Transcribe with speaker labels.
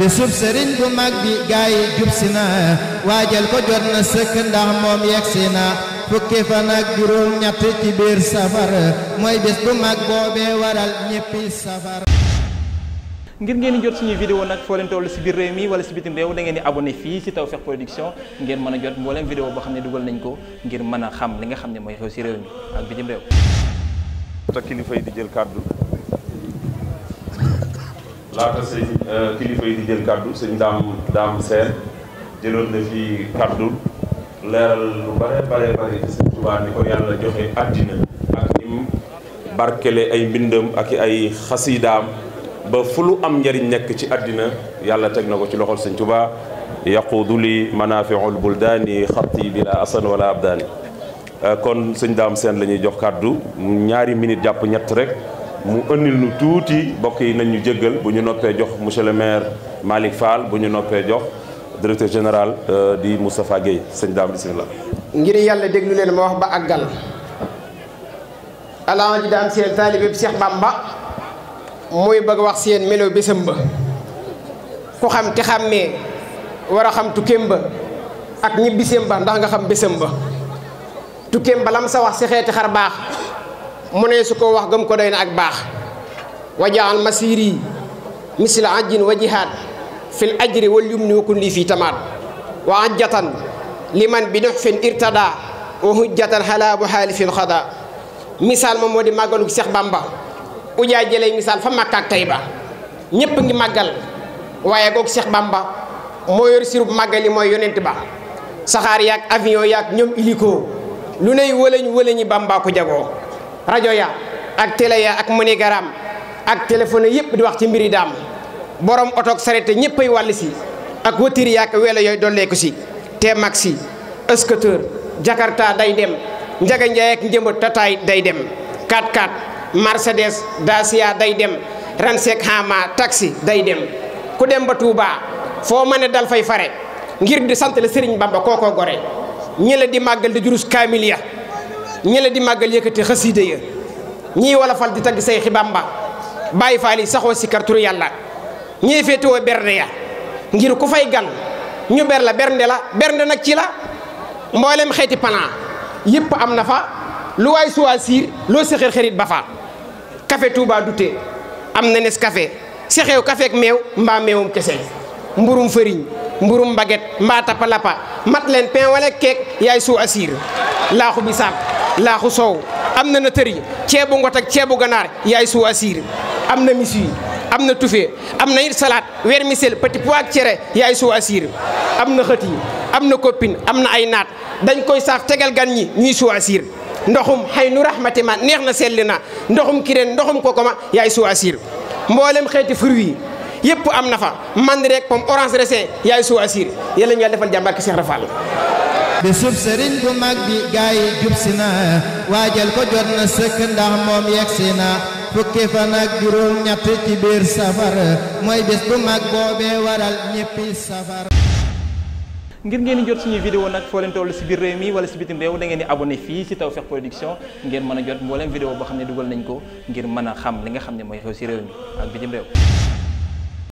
Speaker 1: bisub sëriñ bu mag bi gaa yi jub si na waajal ko jot na sëkk ndax moom yegsi na fukki fan ak juróom ñett ci biir safar mooy bis bu mag
Speaker 2: boobee waral ñéppi safar ngir ngeen jot suñuy vidéo nag foo leen toll si biir réew mi wala si bitim réew da ngeen di abonné fii si Tawfekh Production ngeen mën a jot mboolem vidéo boo xam ne dugal nañ ko ngir mën a xam li nga xam ne mooy xew si réew mi ak bitim
Speaker 3: réew te jël kàddu laata sëñ euh, kilifa yi di jël kàddu sëñ daam daam seen jëloon na kàddu leeral lu bare bare bare ci sëñ Tuubaa ni ko yàlla joxe àddina ak ni barkele ay mbindam ak ay xasiidaam ba fu lu am njariñ nekk ci àddina yàlla teg na ko ci loxol sëñ Tuubaa yaquudu li manaafiul buldaani xatti bila asan wala abdaani euh, kon sëñ daam seen lañuy jox kàddu ñaari minute jàpp ñett rek mu ënnil nu tuuti mbokk yi nañ ñu jéggal bu ñu noppee jox monsieur le maire Malick Fall bu ñu noppee jox directeur général euh, di Moustapha Guèye sëñ daam bisimilah.
Speaker 4: ngir yàlla déglu leen ma wax ba àggal. alaa ji daan seen taalibe bi Cheikh mooy muy bëgg wax seen melo bésam ba ku xam te xàmmee war a xam tukkeem ba ak ñibbiseem ba ndax nga xam bésam ba tukkeem ba lam sa wax si xeeti xar baax mu ne su ko wax gëm ko doy na ak baax wajaal masiri misla ajjin wa jihaad fil ajri wal yumni wa kun lii fii tamaat wa ajjatan liman bi nuxfin irtada wa hujjatan xalaabu xaalifin xada misaal moom moo di màggalu Seex Bàmba ujaay jëlee misaal fa Makka ak Tayba ñépp ngi màggal waaye googu Seex Bàmba moo yor sirub màggal yi mooy yonent ba saxaar yaag avion yaag ñoom iliko lu ney wëlañ wëlañi Bàmba ko jagoo rajo ya ak télé ak monigaraam ak téléphone yëpp di wax ci mbiri daam borom otoog sareet ñëpp ay wàll si ak wëtiir ya ak welo yooyu dolleeku si te maxi escooter jakarta day dem njaga njaay ak tataay day dem 4x4 mercedes dacia day dem ransek hama taxi day dem ku dem ba Touba foo mën ne dal fay fare ngir di sant la Serigne Bamba kookoo gore ñi di màggal di jurus kaamil ya ñële di màggal yëkkati xasiida ya ñii wala fal di tagg say xibamba bàyyi faal saxoo si karturu yàlla ñii féetewoo bernde ya ngir ku fay gan ñu ber la bernde la bernde nag ci la mboolem xeeti pana yépp am na fa lu waay suwaa siir loo sexeer xarit ba fa café Touba Douté am na nes café sexeew meew mbaa meewum kese mburum fëriñ mburum baguette mbaa tapalapa mat leen pain wala yaay suu asiir laaxu bi laaxu soow am na na tëri ceebu ngot ak ceebu ganaar yaay suwa siir am na misi am na tufe am na it weer vermicelle petit pois ak cere yaay suwa siir am na xët am na copine am na ay naat dañ koy saaf tegal gan ñi ñuy suwa siir ndoxum xay nu raxmati ma neex na selli na ndoxum ki kireen ndoxum kokoma yaay suwa siir mboolem xeeti fruit yi yëpp am na fa mandarine ak pomme orange raisin yaay suwa siir yàlla ñu yàlla defal jàmbaar ki Cheikh Rafal
Speaker 1: bisub sëriñ bu mag bi gaay yi jub si na waajal ko jot na sëkk ndax moom yegsi na fukki fan ak juróom ñett ci biir safar mooy bis bu mag boobee waral ñëppi safar
Speaker 2: ngir ngeen di jot suñuy vidéo nag foo leen si biir réew mi wala si bitim réew da ngeen di abonné fii si Tawfekh Production ngeen mën a jot mbooleem vidéo boo xam ne dugal nañ ko ngir mën xam li nga xam ne mooy xew si réew mi ak bitim réew